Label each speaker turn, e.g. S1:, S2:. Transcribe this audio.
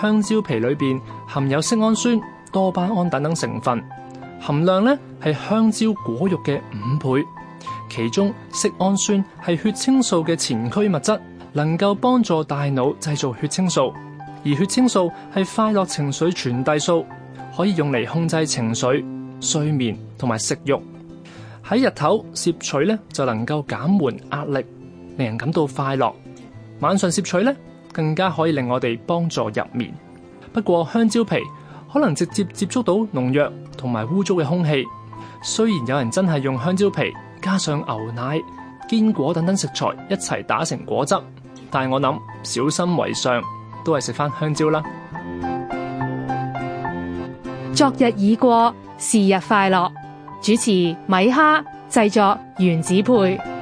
S1: 香蕉皮裏邊含有色氨酸、多巴胺等等成分，含量呢係香蕉果肉嘅五倍。其中色氨酸係血清素嘅前驅物質，能夠幫助大腦製造血清素。而血清素係快樂情緒傳遞素，可以用嚟控制情緒、睡眠同埋食欲。喺日頭攝取呢，就能夠減緩壓力，令人感到快樂。晚上攝取呢。更加可以令我哋幫助入眠。不過香蕉皮可能直接接觸到農藥同埋污糟嘅空氣。雖然有人真係用香蕉皮加上牛奶、堅果等等食材一齊打成果汁，但我諗小心為上，都係食翻香蕉啦。
S2: 昨日已過，是日快樂。主持米哈，製作原子配。